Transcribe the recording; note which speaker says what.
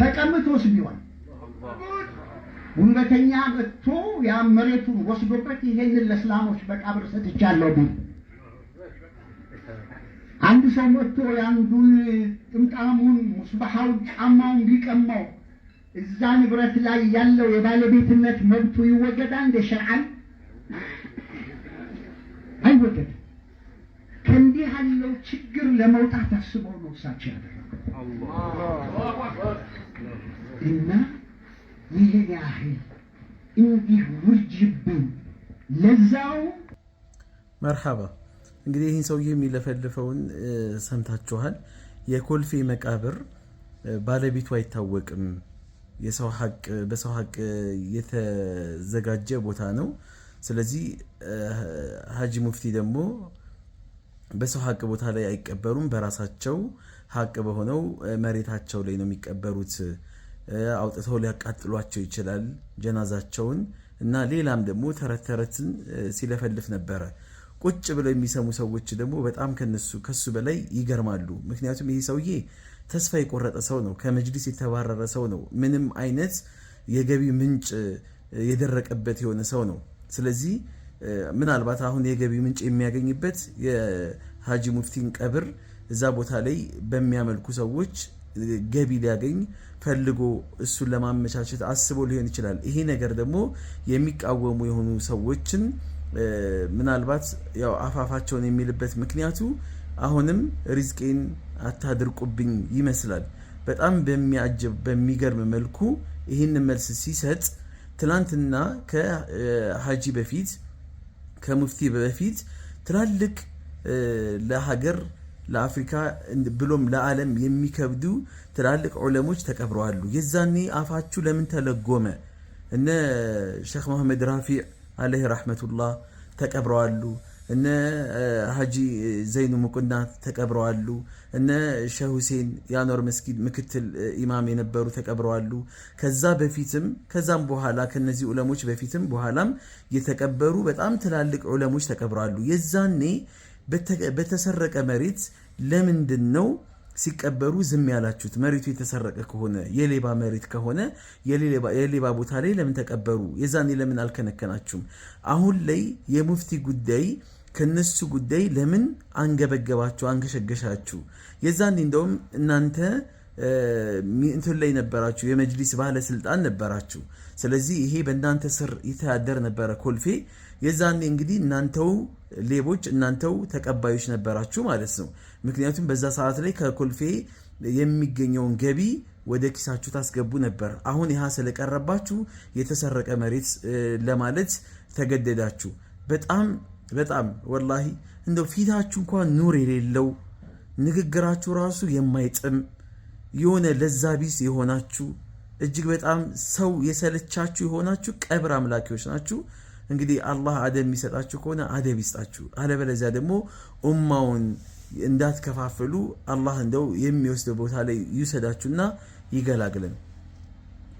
Speaker 1: ተቀምቶስ ቢሆን ጉልበተኛ መጥቶ ያ መሬቱን ወስዶበት ይሄንን ለእስላሞች በቃብር ሰጥቻለሁ ቢል አንድ ሰው መጥቶ የአንዱን ጥምጣሙን ሙስባሐውን ጫማውን ቢቀማው እዛ ንብረት ላይ ያለው የባለቤትነት መብቱ ይወገዳል እንደ ሸርዓን አይወገድም። ከእንዲህ ያለው ችግር ለመውጣት አስበው ነው እሳቸው ያደረጉ እና ይህን ያህል እንዲህ ውርጅብን ለዛው
Speaker 2: መርሐባ እንግዲህ ይህን ሰውዬ የሚለፈልፈውን ሰምታችኋል። የኮልፌ መቃብር ባለቤቱ አይታወቅም። በሰው ሀቅ የተዘጋጀ ቦታ ነው። ስለዚህ ሀጂ ሙፍቲ ደግሞ በሰው ሀቅ ቦታ ላይ አይቀበሩም። በራሳቸው ሀቅ በሆነው መሬታቸው ላይ ነው የሚቀበሩት። አውጥተው ሊያቃጥሏቸው ይችላል ጀናዛቸውን እና ሌላም ደግሞ ተረት ተረትን ሲለፈልፍ ነበረ። ቁጭ ብለው የሚሰሙ ሰዎች ደግሞ በጣም ከነሱ ከሱ በላይ ይገርማሉ። ምክንያቱም ይሄ ሰውዬ ተስፋ የቆረጠ ሰው ነው፣ ከመጅሊስ የተባረረ ሰው ነው፣ ምንም አይነት የገቢ ምንጭ የደረቀበት የሆነ ሰው ነው። ስለዚህ ምናልባት አሁን የገቢ ምንጭ የሚያገኝበት የሀጂ ሙፍቲን ቀብር እዛ ቦታ ላይ በሚያመልኩ ሰዎች ገቢ ሊያገኝ ፈልጎ እሱን ለማመቻቸት አስቦ ሊሆን ይችላል። ይሄ ነገር ደግሞ የሚቃወሙ የሆኑ ሰዎችን ምናልባት ያው አፋፋቸውን የሚልበት ምክንያቱ አሁንም ሪዝቄን አታድርቁብኝ ይመስላል። በጣም በሚያጅብ በሚገርም መልኩ ይህንን መልስ ሲሰጥ ትላንትና ከሀጂ በፊት ከሙፍቲ በፊት ትላልቅ ለሀገር ለአፍሪካ ብሎም ለዓለም የሚከብዱ ትላልቅ ዑለሞች ተቀብረዋሉ። የዛኔ አፋችሁ ለምን ተለጎመ? እነ ሸክ መሐመድ ራፊዕ አለህ ረሕመቱላህ ተቀብረዋሉ። እነ ሀጂ ዘይኑ ሙቁና ተቀብረዋሉ። እነ ሸህ ሁሴን የአኗር መስጊድ ምክትል ኢማም የነበሩ ተቀብረዋሉ። ከዛ በፊትም ከዛም በኋላ ከነዚህ ዑለሞች በፊትም በኋላም የተቀበሩ በጣም ትላልቅ ዑለሞች ተቀብረዋሉ። የዛኔ በተሰረቀ መሬት ለምንድን ነው ሲቀበሩ ዝም ያላችሁት? መሬቱ የተሰረቀ ከሆነ የሌባ መሬት ከሆነ የሌባ ቦታ ላይ ለምን ተቀበሩ? የዛኔ ለምን አልከነከናችሁም? አሁን ላይ የሙፍቲ ጉዳይ ከነሱ ጉዳይ ለምን አንገበገባችሁ አንገሸገሻችሁ? የዛኔ እንደውም እናንተ እንትን ላይ ነበራችሁ፣ የመጅሊስ ባለስልጣን ነበራችሁ። ስለዚህ ይሄ በእናንተ ስር የተዳደር ነበረ ኮልፌ። የዛኔ እንግዲህ እናንተው ሌቦች፣ እናንተው ተቀባዮች ነበራችሁ ማለት ነው። ምክንያቱም በዛ ሰዓት ላይ ከኮልፌ የሚገኘውን ገቢ ወደ ኪሳችሁ ታስገቡ ነበር። አሁን ይህ ስለቀረባችሁ የተሰረቀ መሬት ለማለት ተገደዳችሁ በጣም በጣም ወላሂ እንደው ፊታችሁ እንኳን ኑር የሌለው ንግግራችሁ ራሱ የማይጥም የሆነ ለዛ ቢስ የሆናችሁ እጅግ በጣም ሰው የሰለቻችሁ የሆናችሁ ቀብር አምላኪዎች ናችሁ። እንግዲህ አላህ አደብ የሚሰጣችሁ ከሆነ አደብ ይስጣችሁ፣ አለበለዚያ ደግሞ ኡማውን እንዳትከፋፍሉ አላህ እንደው የሚወስደው ቦታ ላይ ይውሰዳችሁና ይገላግለን።